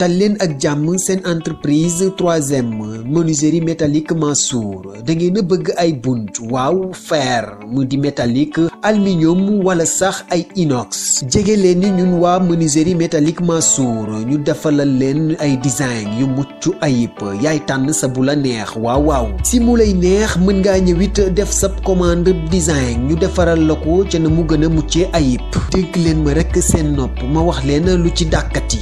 dal leen ak jàmm seen entreprise troisième menuiserie métallique Mansour da ngeen a bëgg ay bunt waaw fer mu di métallique aluminium wala sax ay inox jege leen ni ñun waa menuiserie métallique Mansour ñu defalal leen ay design yu mucc ayib yaay tànn sa bu la neex waaw waaw si mu lay neex mën ngaa ñëwit def sab commande design ñu defaral la ko ca na mu gën a muccee ayib dégg leen ma rek seen nopp ma wax leen lu ci dàkkati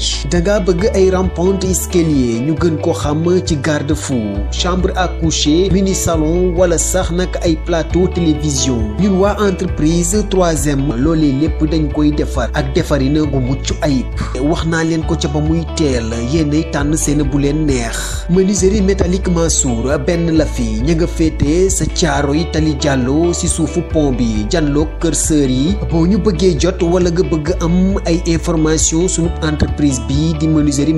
bëgg ay ay rampante escalier ñu gën ko xam ci garde fou chambre à coucher mini salon wala sax nag ay plateau télévision ñun waa entreprise troisième loolee lépp dañ koy defar ak defarina bu mucc ayib wax naa leen ko ca ba muy teel yéenay tànn seen bu leen neex menuiserie métallique Mansour benn la fi ña nga féete sa caaro yi tali jàllo si suufu pont bi janloog kër sër yi boo ñu bëggee jot wala nga bëgg am ay information sunu entreprise bi di menuiserie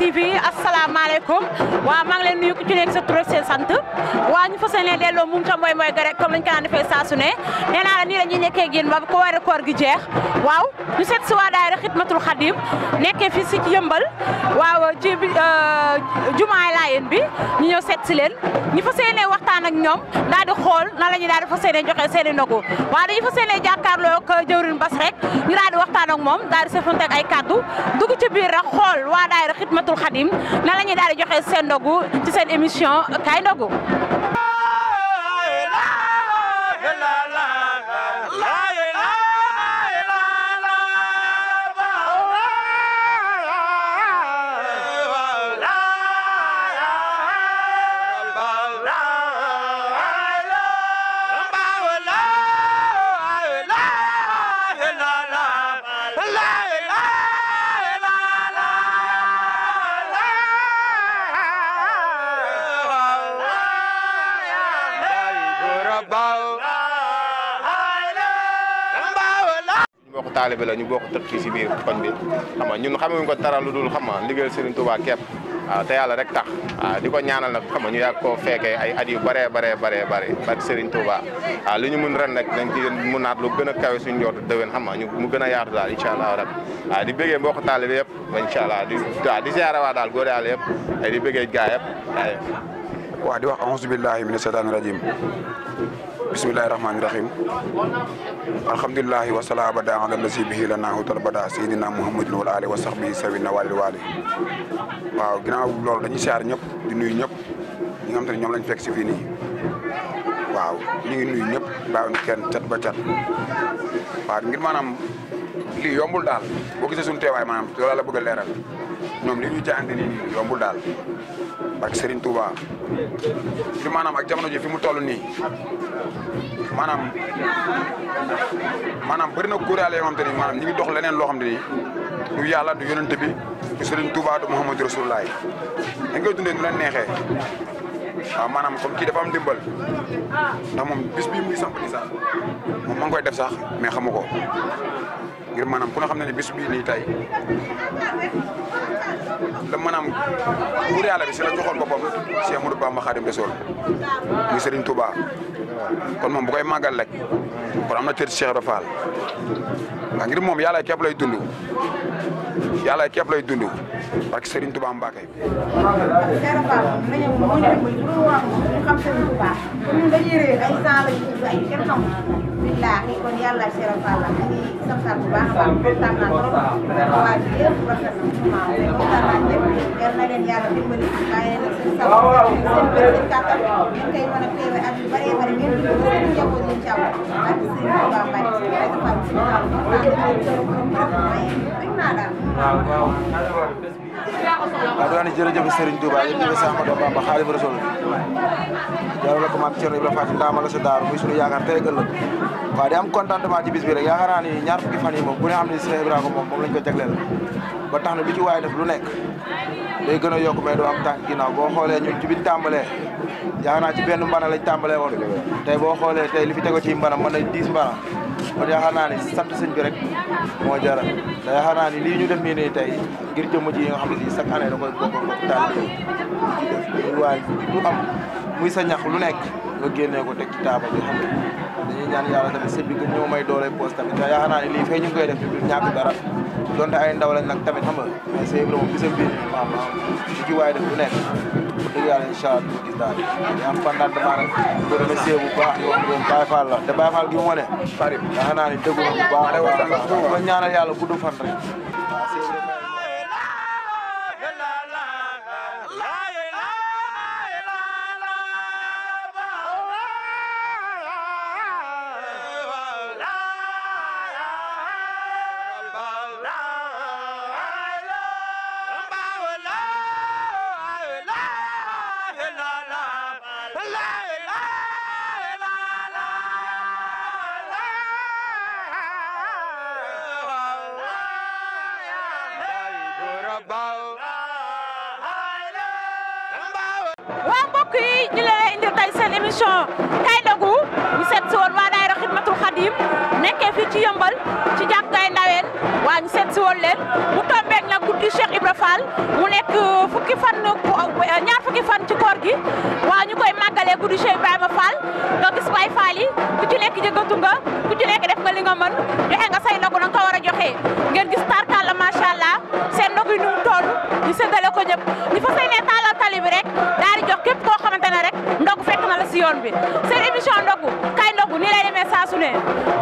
TV asalaamaaleykum waaw maa ngi leen nuyu ku ci nekk sa tur seen sant waa ñu fa yéene delloo mum ta mooy mooy ga rek comme lañ ko naan defee saa su ne nee naa la nii la ñuy nekkee ak ba ko war a koor gi jeex waaw ñu seet si waa daayira Xidmatul Xadim nekkee fi si ci yëmbal waaw ci euh, jumaay laayeen bi ñu ñëw seet si leen ñu fas yéene wax waxtaan ak ñoom daal di xool nan la ñuy daal di fas yéene joxe seen i ndogu waaye dañu fas yéene jàkkaarloo ak euh, jëwriñ Bass rek ñu daal di waxtaan ak moom daal di sëfante ak ay kaddu dugg ci biir rek xool waa daayira Xidmatul Xadim nan la ñuy daal di joxe seen ndogu ci seen émission kay ndogu ñu bokk taalibe la ñu bokk tëkk fii si biir koñ bi xam nga ñun xamuñu ko dara lu dul xam nga liggéeyal Serigne Touba waa ah, waaw te yàlla rek tax waaw ah, di ko ñaanal nag xam nga ñu yàgg koo fekkee ay at yu bare bëree bëree bëri barke Serigne Touba waaw ah, li ñu mun ren rek dañ ci mun naat lu gën a kawe suñu njort déwén xam ñu mu gën a yaatu daal incha allah rek waaw di bëggee mbokk taalibe yëpp incha allah di waaw di waa daal góor yàlla yëpp di bëggee gaa yëpp waaw di wax auzu billahi mina shaytaani rajim bismillahi rahmaani rahim alhamdulilahi wasala abada ala lasi bihi la naahu tarbada sayidina muhammadin wal ali wa sahbi sawi na wali wali waaw ginnaaw lool dañuy siyaar ñëpp di nuy ñëpp ñi nga ñoom lañ fekk si fii nii waaw ñu ngi nuyu ñëpp bàyyiwuñ kenn cat ba cat waaw ngir maanaam li yombul daal boo gisee suñu teewaay maanaam loolu la bëgg a leeral ñoom li ñuy jaayante nii yombul daal ak Serigne Touba fi maanaam ak jamono ji fi mu toll nii maanaam maanaam bëri na kuréel yoo xam te ni maanaam ngi dox leneen loo xam te ni du yàlla du yonent bi du Serigne Touba du Mouhamadou Rasulullah dañ koy dundee du leen neexee waaw maanaam comme kii dafa am dimbal ndax moom bis bii muy samp nii sax moom ma ngi koy def sax mais xamu ko ngir maanaam ku nga xam ne ne bis bii nii la maanaam buur yàlla bi si la joxoon boppam Cheikh Ahmadou Bamba Khadim Rassoul muy Serigne Touba kon moom bu koy màggal rek kon am na cër Cheikh Ibra ngir moom yàlla képp lay dund yàlla lay dund parce que Serigne Touba Mbacké. Cheikh Fall ma ñëw billahi kon yàlla seeral Fall ñu ngi sant bu baax a baax kontaan naa trop waa ji yëpp rafet na vraiment kontaan naa ñëpp yal na leen yàlla dimbali bàyyi leen seen sant seen bët seen kàttan ngeen koy mën a teewe yu bëree bëri ngeen di ko ñu jabo ñu ak ci waaw waaw Serigne Touba maam Thierno Ibrahima Faty Ndama la sa daaru muy sunu yaakaar tey ëllëg waaw di am contentement ci bis bi rek yaakaar naa ni ñaar fukki fan yi moom bu ne xam ne Cheikh Ibrahima bi ci waaye def lu nekk day gën a yokk mais doo am tànk ginnaaw boo xoolee ci biñ tàmbalee yaakaar naa ci benn lañ tàmbalee woon tey boo xoolee tey li fi tego ci mbana mën na dix mbana kon yaakaar naa rek moo jara te yaakaar naa ni lii ñu def nii nii tey ngir jëmm ji yi nga xam ne si chaque année da koy bokk bokk taal bi am muy sa ñax lu nekk nga génnee ko teg ci taabal yi xam nga dañuy ñaan yàlla tamit sëb bi gën doole poos tamit te yaakaar naa ne lii fee ñu ngi koy def du ñàkk dara donte ay ndaw lañ nag tamit xam nga mais sëy bi moom bisam bii nii maam maam li def lu nekk bu dëgg yàlla incha allah duñ gis daal di am fandaan damaa nag ko remercier bu baax yow yow Baye Fall te Baye Fall gi mu wane bari yaakaar naa ne dëggu na bu baax ko ñaanal yàlla gudd fan rek baw waa mbokk yi ñu la indil tey seen émission kay dogu ñu seet si woon waa daayira Xidmatul Xadim nekkee fii ci yëmbal ci jàkkaay ndaween waa ñu seet si woon leen mu tombeek nag guddi Cheikh Ibra Fall mu nekk fukki fan euh, ñaar fukki fan ci koor gi waa ñu koy màggalee guddi Cheikh Ibrahima Fall doo gis Baay Faal yi ku ci nekk jëgatu nga ku ci nekk def nga li nga mën joxe nga say ndogu na nga ko war a joxe ngeen gis ko ñëpp ñu fas yéene taalal tali bi rek daal di jox képp koo xamante ne rek ndogu fekk na la si yoon bi seen émission ndogu kay ndogu nii lay demee saa su ne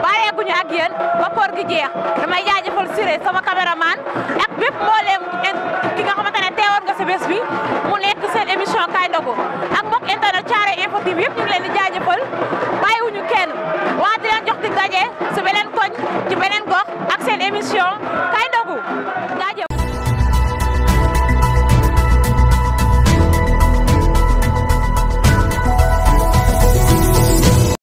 bàyyeeguñu ak yéen ba koor gi jeex damay jaajëfal Siré sama caméraman ak bépp mbooleem ki nga xamante ne teewoon nga si bés bi mu nekk seen émission kay ndogu ak mbokk internet Thiaroye Info TV ñu leen di jaajëfal